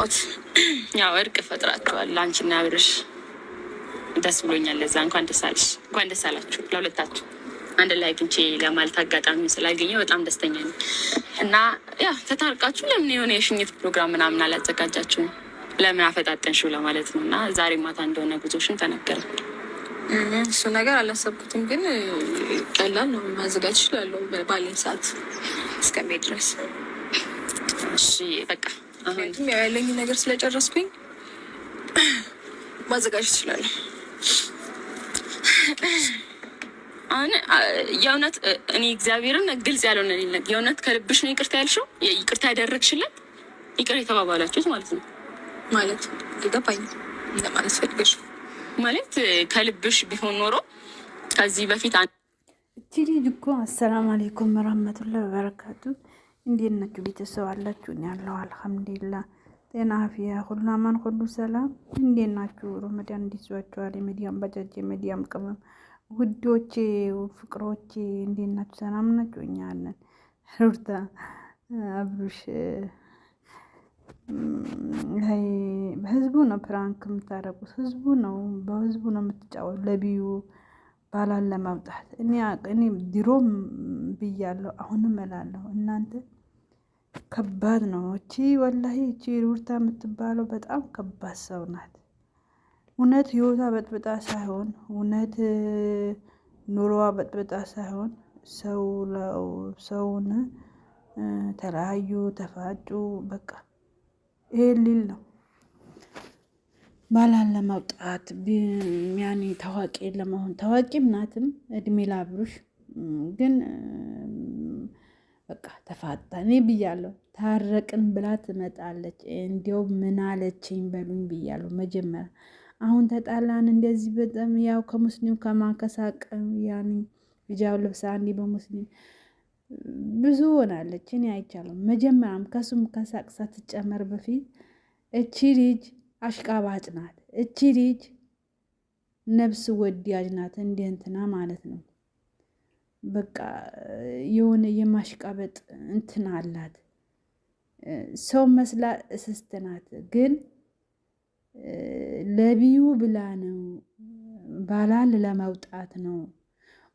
መጣሁት። ያው እርቅ ፈጥራችኋል አንቺና አብርሽ፣ ደስ ብሎኛል። ለዛ እንኳን ደስ አለሽ፣ እንኳን ደስ አላችሁ ለሁለታችሁ። አንድ ላይ አግኝቼ ለማለት አጋጣሚ ስላገኘ በጣም ደስተኛ ነኝ። እና ያ ተታርቃችሁ ለምን የሆነ የሽኝት ፕሮግራም ምናምን አላዘጋጃችሁም? ለምን አፈጣጠንሽው ለማለት ነው። እና ዛሬ ማታ እንደሆነ ጉዞሽን ተነገረ። እሱ ነገር አላሰብኩትም፣ ግን ቀላል ነው ማዘጋጅ እችላለሁ ባለኝ ሰዓት እስከሚሄድ ድረስ። እሺ በቃ ምክንያቱም ያው ያለኝ ነገር ስለጨረስኩኝ ማዘጋጀት ይችላል። አሁን የእውነት እኔ እግዚአብሔርን ግልጽ ያልሆነ የእውነት ከልብሽ ነው ይቅርታ ያልሽው? ይቅርታ ያደረግሽለት? ይቅር የተባባላችሁት ማለት ነው ማለት ገባኝ ለማለት ፈልገሽ ማለት ከልብሽ ቢሆን ኖሮ ከዚህ በፊት እቺ ልጅ እኮ አሰላም አሌይኩም ረህመቱላ በረካቱ እንዴት ናችሁ ቤተሰብ? አላችሁ? እኔ አለሁ አልሐምዱሊላ። ጤና አፍያ፣ ሁሉ አማን፣ ሁሉ ሰላም። እንዴት ናችሁ? ረመዳን እንዴት የመዲያም ባጃጅ፣ የመዲያም ቅመም ውዶቼ፣ ፍቅሮቼ እንዴት ናችሁ? ሰላም ናችሁ? እኛ አለን። ሩርታ አብሩሽ በህዝቡ ነው ፕራንክ የምታረጉት፣ ህዝቡ ነው በህዝቡ ነው የምትጫወቱ ለቢዩ ባሏን ለማምጣት እኔ ድሮም ብያለሁ፣ አሁንም እላለሁ። እናንተ ከባድ ነው። እቺ ወላሂ እቺ ሩርታ የምትባለው በጣም ከባድ ሰው ናት። እውነት ህይወቷ በጥብጣ ሳይሆን እውነት ኑሮዋ በጥብጣ ሳይሆን ሰውን ተለያዩ፣ ተፋጩ፣ በቃ ይሄ ሊል ነው ባላን ለማውጣት ያኔ ታዋቂ ለመሆን ታዋቂ ምናትም እድሜ ላብሩሽ ግን በቃ ተፋታ እኔ ብያለሁ። ታረቅን ብላ ትመጣለች። እንዲያው ምን አለችኝ በሉኝ ብያለሁ መጀመሪያ። አሁን ተጣላን እንደዚህ በጣም ያው ከሙስሊም ከማንከሳቅ ያን ሂጃብ ልብሳ አንዴ በሙስሊም ብዙ ሆናለች። እኔ አይቻለሁ መጀመሪያም ከሱም ከሳቅ ሳትጨመር በፊት እቺ ልጅ አሽቃባጭ ናት። እቺ ልጅ ነብስ ወዳጅ ናት፣ እንደ እንትና ማለት ነው። በቃ የሆነ የማሽቃበጥ እንትና አላት። ሰው መስላ እስስት ናት። ግን ለቢዩ ብላ ነው ባላል ለመውጣት ነው።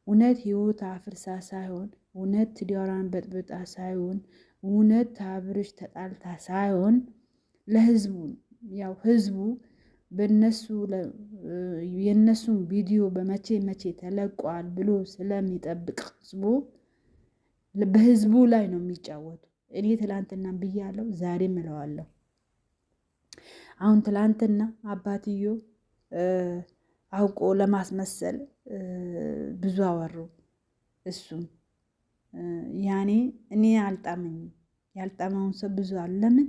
እውነት ህይወት አፍርሳ ሳይሆን እውነት ትዳሯን በጥብጣ ሳይሆን እውነት ታብርሽ ተጣልታ ሳይሆን ለህዝቡን ያው ህዝቡ በነሱ የነሱን ቪዲዮ በመቼ መቼ ተለቋል ብሎ ስለሚጠብቅ ህዝቡ በህዝቡ ላይ ነው የሚጫወቱ። እኔ ትላንትና ብያለሁ፣ ዛሬም እለዋለሁ። አሁን ትላንትና አባትዮ አውቆ ለማስመሰል ብዙ አወሩ። እሱም ያኔ እኔ አልጣመኝም። ያልጣመውን ሰው ብዙ አለ። ለምን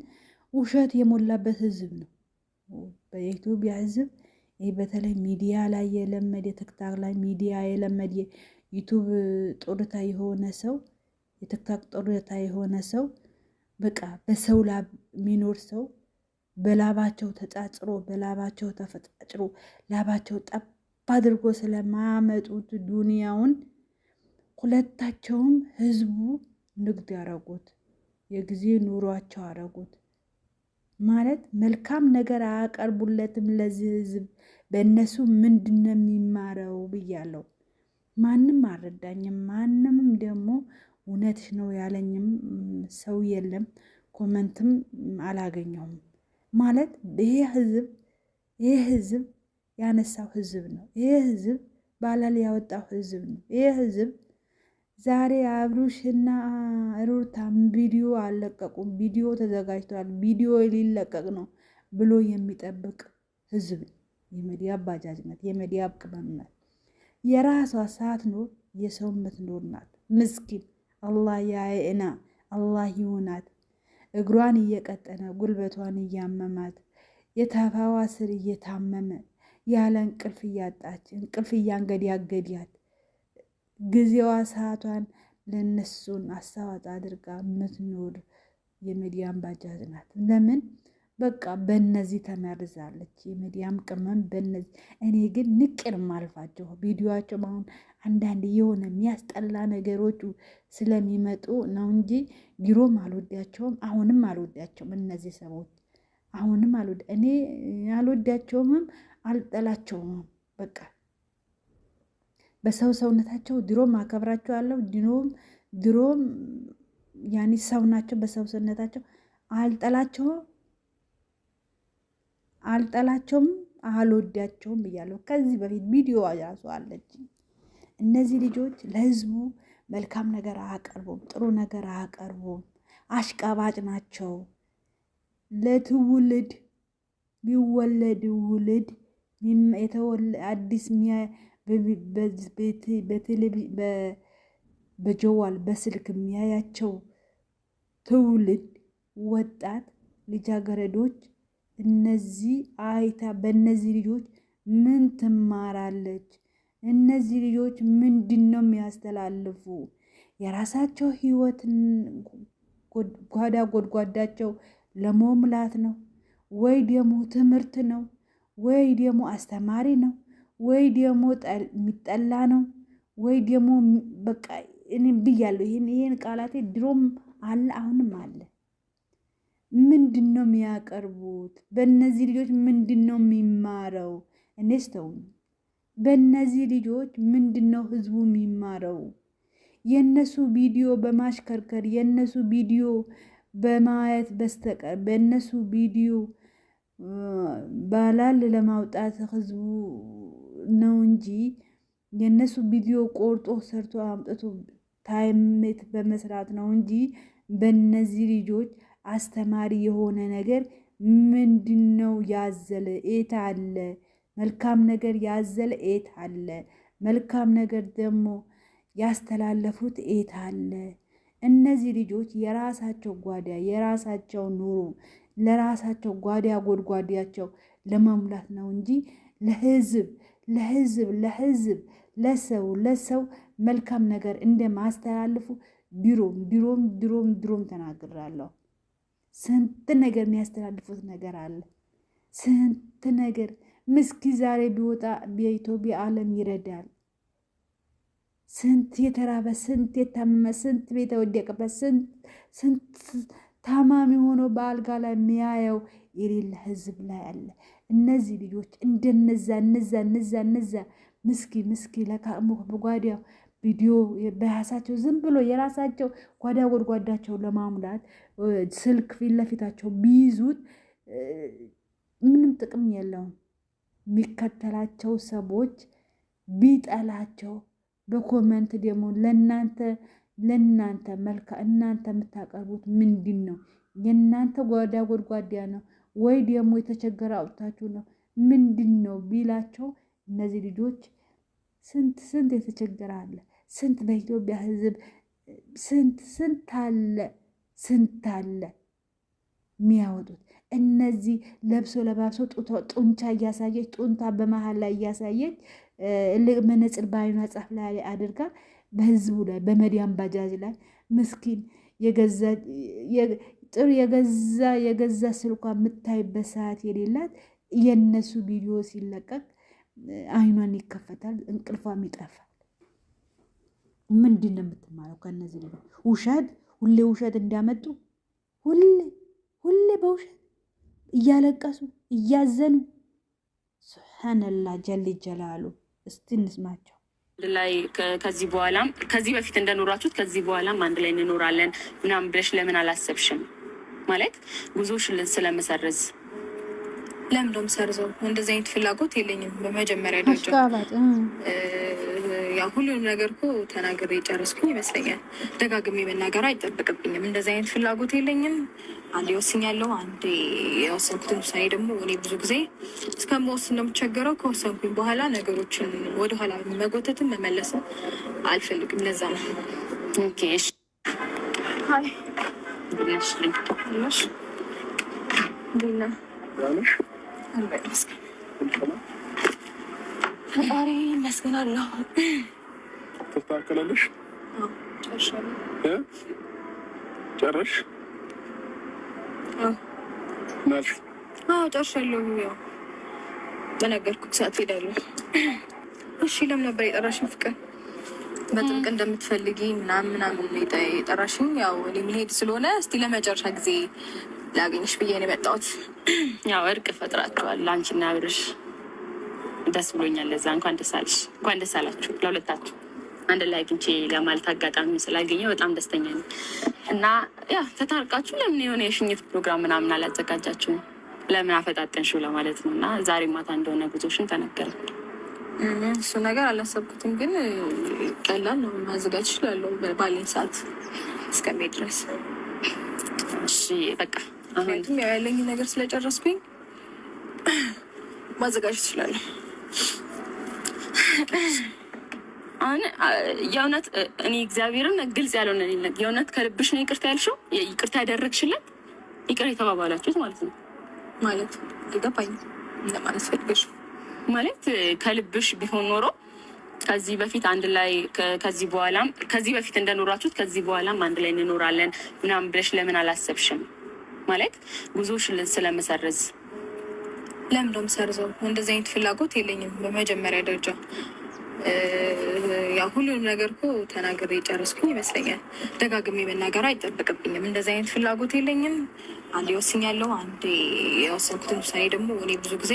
ውሸት የሞላበት ህዝብ ነው። በኢትዮጵያ ህዝብ ይህ በተለይ ሚዲያ ላይ የለመድ የትክታክ ላይ ሚዲያ የለመድ ዩቱብ ጦርታ የሆነ ሰው የትክታክ ጦርታ የሆነ ሰው በቃ በሰው ላብ የሚኖር ሰው በላባቸው ተጫጭሮ በላባቸው ተፈጫጭሮ ላባቸው ጠብ አድርጎ ስለማመጡት ዱንያውን ሁለታቸውም ህዝቡ ንግድ ያረጉት የጊዜ ኑሯቸው አረጉት። ማለት መልካም ነገር አያቀርቡለትም ለዚህ ህዝብ። በእነሱ ምንድን ነው የሚማረው ብያለው። ማንም አልረዳኝም። ማንም ደግሞ እውነት ነው ያለኝም ሰው የለም። ኮመንትም አላገኘውም። ማለት ይሄ ህዝብ ይሄ ህዝብ ያነሳው ህዝብ ነው። ይሄ ህዝብ ባላል ያወጣው ህዝብ ነው። ይሄ ህዝብ ዛሬ አብሩሽ እና ሩታም ቪዲዮ አልለቀቁም። ቪዲዮ ተዘጋጅቷል፣ ቪዲዮ ሊለቀቅ ነው ብሎ የሚጠብቅ ህዝብ የሚዲያ ባጃጅነት የሚዲያ ቅመምነት የራሷ ሰዓት ኖር የሰውነት ኖር ናት። ምስኪን አላህ ያይና አላህ ይሆናት። እግሯን እየቀጠነ ጉልበቷን እያመማት የታፋዋ ስር እየታመመ ያለ እንቅልፍ እያጣች እንቅልፍ እያንገድ ያገድያት ጊዜዋ ሰዓቷን ለነሱን አስተዋጽ አድርጋ ምትኖር የሚዲያም ባጃጅ ናት። ለምን በቃ በእነዚህ ተመርዛለች። የሚዲያም ቅመም በነዚህ እኔ ግን ንቅር ማልፋቸው ቪዲዮቸው አሁን አንዳንድ የሆነ የሚያስጠላ ነገሮቹ ስለሚመጡ ነው እንጂ ድሮም አልወዳቸውም፣ አሁንም አልወዳቸውም። እነዚህ ሰዎች አሁንም አልወዳ እኔ አልወዳቸውምም፣ አልጠላቸውምም በቃ በሰው ሰውነታቸው ድሮም አከብራቸዋለሁ። ድሮም ድሮም ያኔ ሰው ናቸው። በሰው ሰውነታቸው አልጠላቸው አልጠላቸውም አልወዳቸውም ብያለሁ። ከዚህ በፊት ቪዲዮ ያሱ አለች። እነዚህ ልጆች ለህዝቡ መልካም ነገር አያቀርቡም፣ ጥሩ ነገር አያቀርቡም፣ አሽቃባጭ ናቸው። ለትውልድ ቢወለድ ውልድ አዲስ በጀዋል በስልክ የሚያያቸው ትውልድ ወጣት ልጃገረዶች እነዚህ አይታ በእነዚህ ልጆች ምን ትማራለች? እነዚህ ልጆች ምንድን ነው የሚያስተላልፉ? የራሳቸው ህይወት ጓዳ ጎድጓዳቸው ለመሙላት ነው ወይ ደግሞ ትምህርት ነው ወይ ደግሞ አስተማሪ ነው ወይ ደግሞ የሚጠላ ነው ወይ ደግሞ በቃ እኔ ብያለሁ። ይሄን ይሄን ቃላቴ ድሮም አለ አሁንም አለ። ምንድን ነው የሚያቀርቡት? በእነዚህ ልጆች ምንድን ነው የሚማረው? እኔ ስተውኝ በእነዚህ ልጆች ምንድን ነው ህዝቡ የሚማረው? የእነሱ ቪዲዮ በማሽከርከር የእነሱ ቪዲዮ በማየት በስተቀር በእነሱ ቪዲዮ ባላል ለማውጣት ህዝቡ ነው እንጂ የእነሱ ቪዲዮ ቆርጦ ሰርቶ አምጥቶ ታይምት በመስራት ነው እንጂ በነዚህ ልጆች አስተማሪ የሆነ ነገር ምንድን ነው ያዘለ ኤት አለ መልካም ነገር ያዘለ ኤት አለ መልካም ነገር ደግሞ ያስተላለፉት ኤት አለ። እነዚህ ልጆች የራሳቸው ጓዳ የራሳቸው ኑሮ ለራሳቸው ጓዳ ጎድጓዳቸው ለመሙላት ነው እንጂ ለህዝብ ለህዝብ ለህዝብ ለሰው ለሰው መልካም ነገር እንደማስተላልፉ ድሮም ድሮም ድሮም ድሮም ተናግራለሁ። ስንት ነገር የሚያስተላልፉት ነገር አለ። ስንት ነገር ምስኪ ዛሬ ቢወጣ በኢትዮጵያ ዓለም ይረዳል። ስንት የተራበ ስንት የታመመ ስንት ቤት የወደቀበት ስንት ታማሚ ሆኖ በአልጋ ላይ የሚያየው የሌለ ህዝብ ላይ አለ። እነዚህ ልጆች እንደነዛ እነዛ እነዛ እነዛ ምስኪ ምስኪ ለካእሙክ በጓዳ ቪዲዮ በራሳቸው ዝም ብሎ የራሳቸው ጓዳ ጎድጓዳቸው ለማሙላት ስልክ ፊት ለፊታቸው ቢይዙት ምንም ጥቅም የለውም። የሚከተላቸው ሰዎች ቢጠላቸው በኮመንት ደግሞ ለእናንተ ለእናንተ መልካ እናንተ የምታቀርቡት ምንድን ነው? የእናንተ ጓዳ ጎድጓዳ ነው። ወይ ደግሞ የተቸገረ አውጥታችሁ ነው ምንድን ነው ቢላቸው እነዚህ ልጆች ስንት ስንት የተቸገረ አለ፣ ስንት በኢትዮጵያ ሕዝብ ስንት ስንት አለ፣ ስንት አለ የሚያወጡት እነዚህ ለብሶ ለባብሶ ጡንቻ እያሳየች ጡንታ በመሀል ላይ እያሳየች መነጽር በዓይኗ ጫፍ ላይ አድርጋ በህዝቡ ላይ በመዲያም ባጃጅ ላይ ምስኪን ጥሩ የገዛ የገዛ ስልኳ የምታይበት ሰዓት የሌላት የነሱ ቪዲዮ ሲለቀቅ አይኗን ይከፈታል፣ እንቅልፏም ይጠፋል። ምንድን ነው የምትማረው ከነዚህ ልጆች? ውሸት ሁሌ ውሸት እንዲያመጡ ሁሌ ሁሌ በውሸት እያለቀሱ እያዘኑ ስብሓንላ ጀል ጀላሉ። እስቲ እንስማቸው። አንድ ላይ ከዚህ በኋላም ከዚህ በፊት እንደኖራችሁት ከዚህ በኋላም አንድ ላይ እንኖራለን ምናምን ብለሽ ለምን አላሰብሽም? ማለት ጉዞሽን ስለምሰርዝ ለምዶም ሰርዘው እንደዚህ አይነት ፍላጎት የለኝም። በመጀመሪያ ደረጃ ያ ሁሉንም ነገር እኮ ተናግሬ ጨረስኩ ይመስለኛል። ደጋግሜ መናገር አይጠበቅብኝም። እንደዚህ አይነት ፍላጎት የለኝም። አንዴ ወስኛለሁ። አንዴ የወሰንኩትን ውሳኔ ደግሞ እኔ ብዙ ጊዜ እስከመወስን ነው የምቸገረው። ከወሰንኩኝ በኋላ ነገሮችን ወደኋላ መጎተትን መመለስን አልፈልግም። ለዛ ነው ፈጣሪ ይመስገን አለሁ። ተስተካከላለሽ? ጨረሽ? ጨርሻለሁ። ያው ሰዓት እሺ፣ ለምን ነበር የጠራሽን ፍቅር በጥብቅ እንደምትፈልጊ ምናምን ምናምን የጠራሽኝ ያው እኔ የምሄድ ስለሆነ እስቲ ለመጨረሻ ጊዜ ላገኝሽ ብዬ ነው የመጣሁት። ያው እርቅ ፈጥራችኋል አንቺና አብርሽ፣ ደስ ብሎኛል። ለዛ እንኳን ደስ አለሽ፣ እንኳን ደስ አላችሁ ለሁለታችሁ። አንድ ላይ አግኝቼ ለማለት አጋጣሚ ስላገኘ በጣም ደስተኛ ነኝ። እና ያ ተታርቃችሁ ለምን የሆነ የሽኝት ፕሮግራም ምናምን አላዘጋጃችሁም? ለምን አፈጣጠንሽው ለማለት ነው። እና ዛሬ ማታ እንደሆነ ጉዞሽን ተነገረ። እሱ ነገር አላሰብኩትም፣ ግን ቀላል ነው ማዘጋጅ እችላለሁ ባለኝ ሰዓት እስከሚሄድ ድረስ። እሺ በቃ ምክንያቱም ያው ያለኝ ነገር ስለጨረስኩኝ ማዘጋጀት እችላለሁ። አሁን የእውነት እኔ እግዚአብሔርን ግልጽ ያልሆነ የእውነት ከልብሽ ነው ይቅርታ ያልሽው ይቅርታ ያደረግሽለት ይቅር የተባባላችሁት ማለት ነው ማለት ገባኝ። ለማለት ፈልገሽ ማለት ከልብሽ ቢሆን ኖሮ ከዚህ በፊት አንድ ላይ ከዚህ በኋላም ከዚህ በፊት እንደኖራችሁት ከዚህ በኋላም አንድ ላይ እንኖራለን ምናምን ብለሽ ለምን አላሰብሽም? ማለት ጉዞ ስለምሰርዝ ለምን ደም ሰርዘው እንደዚህ አይነት ፍላጎት የለኝም። በመጀመሪያ ደረጃ ያ ሁሉንም ነገር እኮ ተናግሬ ጨርስኩ ይመስለኛል። ደጋግሜ መናገር አይጠበቅብኝም። እንደዚህ አይነት ፍላጎት የለኝም። አንዴ ወስኛለሁ፣ አንዴ የወሰንኩት ውሳኔ ደግሞ እኔ ብዙ ጊዜ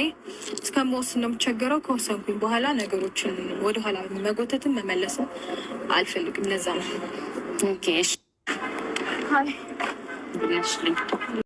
እስከመወስን ነው የምቸገረው። ከወሰንኩኝ በኋላ ነገሮችን ወደኋላ መጎተትን መመለስም አልፈልግም። ለዛ ነው